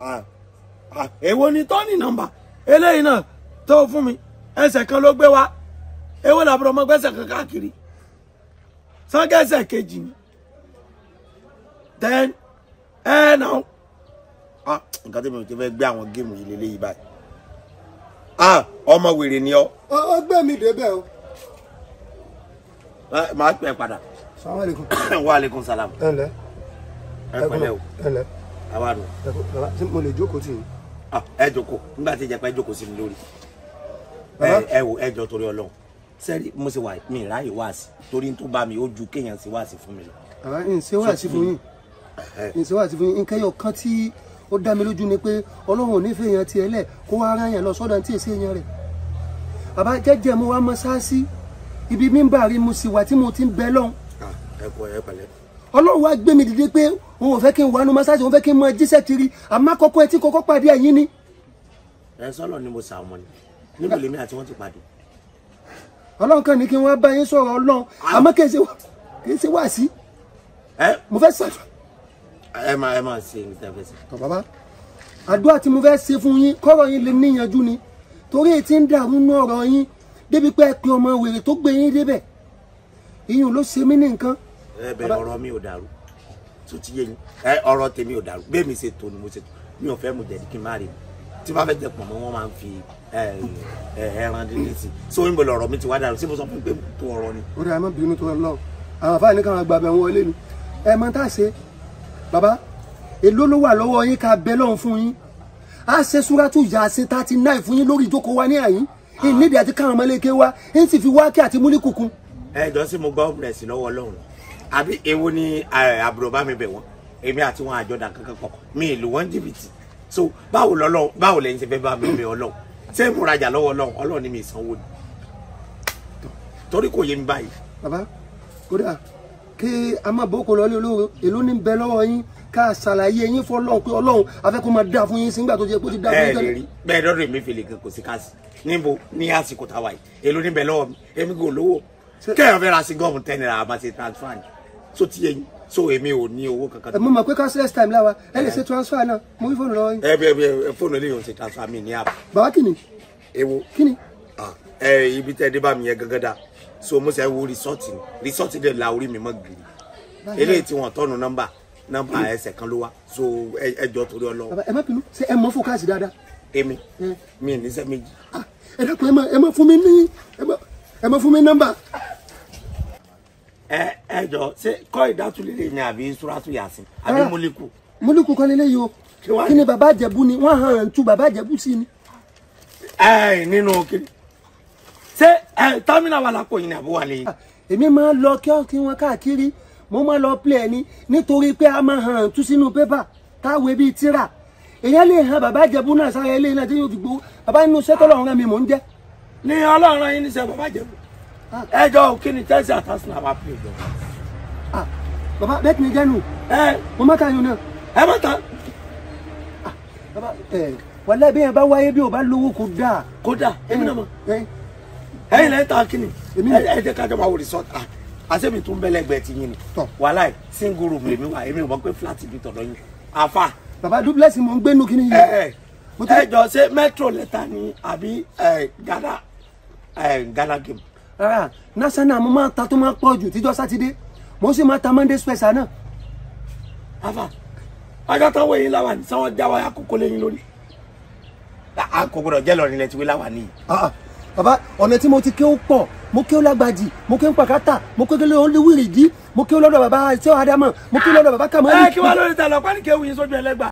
Ah, ah, èwo ni tọ́ni nọ́mbà eléyìí náà tó fún mi ẹsẹ̀ kan ló gbé wá èwo làbúrò ọmọ gbẹ́sẹ̀ kan káàkiri sọ́gẹ́sẹ̀ kejì ni then ẹ nà ó. Ah, nǹkan tí mo ti fẹ́ gbé àwọn géèmù yìí lélẹ́yìí báyìí ọmọ wèrè ni ọ. ọgbẹ́ mi débẹ̀ o. màá pẹ́ padà. salaam aleykum. wa aleykum salaam. ẹ ǹlẹ́ ẹ pẹ̀lẹ́ o. ẹ ǹlẹ́ àwa nù. bàbá ṣé mo lè jókòó tì í. ẹ joko nígbà tí ìjẹpẹ jókòó sí mi lórí ẹ wò ẹ jọ torí Ọlọ́run sẹ́rí mo ṣe wà mí ráyè wáàsí torí tó bá mi ó ju kéèyàn sí wáàsí fún mi lọ. àwa ń ṣe wáàsí fún yín ń ṣe wáàsí fún yín nǹkan yóò kán tí ó dá mi lójú ni pé ọlọ́run ò ní fẹ́ èèyàn tiẹ̀ lẹ̀ kó wá ara yẹn lọ sọ́dọ̀ tí èsì èèyàn rẹ̀ bàbá jẹ́jẹ́ mo wá mọ sáásí ibi mímbà rí mo sì wà tí mo ti ń bẹ lọ́hùn. ẹ kọ ẹ pẹ̀lẹ́ ọlọ́run wá gbé mi dìde pé òun ò fẹ́ kí n wà nù mọ́sáàsì òun fẹ́ kí n mọ jíṣẹ́ kiri àmọ́ kọ́kọ́ etí kọ́kọ́ pàdé ẹ̀yìn ni. ẹ sọlọ ni mo sàwọn ni níbo lèmi àti wọn ti pàdé. ọlọ́run kan ní kí n wá bá yín sọ̀rọ̀ ọlọ́run àmọ́ kì í ṣe wá sí. mo fẹ́ sàdúrà. ẹ máa ẹ máa ṣe ní tẹ́fẹ́ sí. tọ́ bàbá àdúrà tí mo fẹ́ ṣe fún yín kọ́rọ̀ yín lè níyanjú ni torí ètí ń dàrú nú ọ̀rọ̀ yín débi pé ẹ pé ọmọ wèrè tó gbé yín débẹ̀ ìyún ló ṣe mí ní nǹkan ẹ bẹ̀rẹ̀ ọ̀rọ̀ mi ò dàrú tó ti yé yín ẹ ọ̀rọ̀ tèmi ò dàrú bẹ́ẹ̀ mi ṣe tó ni mo ṣe tó mi ò fẹ́ mu jẹ̀dí kí n má rí mi tí bá fẹ́ jẹ pọ̀ mọ́ wọn máa ń fi ẹran dídí sí so ń bọ̀ lọ̀rọ̀ mi ti wá dàrú sí mo sọ fún pé tó ọ̀rọ̀ ni. ó dà ẹ má bínú tó lọ àwọn àfáà ní káwọn àgbàbẹ̀ wọn ilé mi ẹ mọ tá a ṣe bàbá èló ló wà lọ́wọ́ yín ká bẹ lọ́hùn fún yín a ṣe súrátù yà ṣe thirty nine fún yín lórí ìjókòó wa ní àyín ìnídìí àti káwọn ọmọléke wa ń sì fi wákì àti múlíkùkù. ẹ jọ sí mo gbọ́ ọ̀pẹ̀rẹ̀ sí lọ́wọ́ ọlọ́run àbí èwo ni àbúrò bá mi bẹ̀ wọ́n èmi àti wọn àjọ dàn kankan pọ̀ mi ìlú wọn jìbìtì so báwo lọ́lọ́ báwo lẹ́yìn ti fẹ́ bá mi bẹ̀ ọlọ́run ṣé mo rajà lọ́wọ́ ọlọ́run ọlọ́run ni mi ìsanwó ni torí kò yé mi báyìí. bàbá kódà kí a má bókò lọ lórí èló ní bẹ lọ́wọ́ yín ká ṣàlàyé yín fún ọlọ́run pé ọlọ́run afẹ́ kó máa dáa fún yín sígbà tó jẹ́ pé ó ti dáa fún yín tẹ́lẹ̀. bẹ́ẹ̀ lọ́dọ̀ èmi fèlè kan kò sí káàsì níbo ní àsìkò táwa yìí èló ní bẹ lọ́wọ́ mi èmi kò lówó kẹ́hìn fẹ́ ra sí gọ́ọ̀mù tẹ́nira àbá ṣe transfer ni so ti yẹ yín so èmi ò ní owó kankan. mo mọ̀ pé counselor's time láwa ẹ lè ṣe transfer náà mo fi fóònù lọ́wọ́ yín. ẹ ẹ fóònù eléyìí ò ṣe transfer mi ní àbá. bàbá kìíní. ewo kìíní. ẹ ibi tẹ dé bá mi yẹ gángan dá so mo ṣe wo rìsọ́ọ̀tì rìsọ́ọ̀tì dẹ̀ la orí mi mọ́ gírí eléyìí tí wọ́n tọ́nu nọ́mbà nọ́mbà ẹsẹ̀ kan ló wá so ẹjọ́ torí ọ lọ. ẹ má bínú ṣe ẹ mọ fókàsì dáadáa. èmi mi ní sẹ́ méjì. ẹ dákun ẹ má fún mi ní ẹ má fún mi nọ́mbà ẹ ẹ jọ ṣé kọ́ ìdátúlẹ̀ lè ní àbí suratu yasin àbí ah, múlíkù. múlíkù kan lélẹ́yìí o kí ni bàbá àjẹbù ni wọ́n hàn tu bàbá àjẹbù sí ni. ẹ nínú kiri ṣé ẹ tọ́mìnà wà lápò yìí ni àbúwà lè. Ah, èmi máa ń lọ kí wọ́n káàkiri mo máa lọ plẹ̀ ni nítorí pé a máa hàn tu sínú pépà táwé bíi tíra èyàn lè hàn bàbá àjẹbù náà sára ilé náà tí yóò fi gbó bàbá nínú sẹ́tọ̀ lọ́run rẹ̀ mi mò ń jẹ́. ni ọlọ́run yín ní sẹ́ bàbá àjẹbù ẹjọ́ kí ni tẹ́sí àtàsínà wà pè jọ. Ah, bàbá bẹ́ẹ̀ tí mi jẹ́ nù mo má ta yun náà. ẹ má ta. Ah, bàbá wàlẹ́ bí yẹn bá wáyé bí o bá lówó kó dáa. kó dáa èmi náà mọ ẹ̀yin lẹ́yìn ta kí ni ẹ jẹ́ kájọ máa wò resort ah, àṣẹ́mi tún bẹ́lẹ́gbẹ́ ti yín ni wàhálà single room lèmi wà èmi ò mọ̀ pé flat ibi tọ̀dọ̀ yín àfà. bàbá duplex mo ń gbénu kí ni yìí mo ti jọ ṣe metro lẹ́tà ni àbí gada gada game rárá national mo máa ta tó máa pọ̀ jù tíjọ́ sátidé mo sì máa ta monday special náà afa ajátáwọ̀ yìí làwà ní sáwọn jáwọ́ àkókò lẹ́yìn lórí. àkókò rẹ̀ jẹ́ lọ́rin lẹ́tí wí làwà ní. bàbá ọ̀nà tí mo ti kéwọ́ pọ̀ mo kéwọ́ lágbàjì mo kéwọ́ pàkátà mo kéwọ́ olúwìrìdì mo kéwọ́ lọ́dọ̀ bàbá ṣé àdámọ̀ mo kéwọ́ lọ́dọ̀ bàbá kàmọ́lì. ẹ kí wàá lórí ta lọ pálí kéwù yín sójú ẹlẹgbà.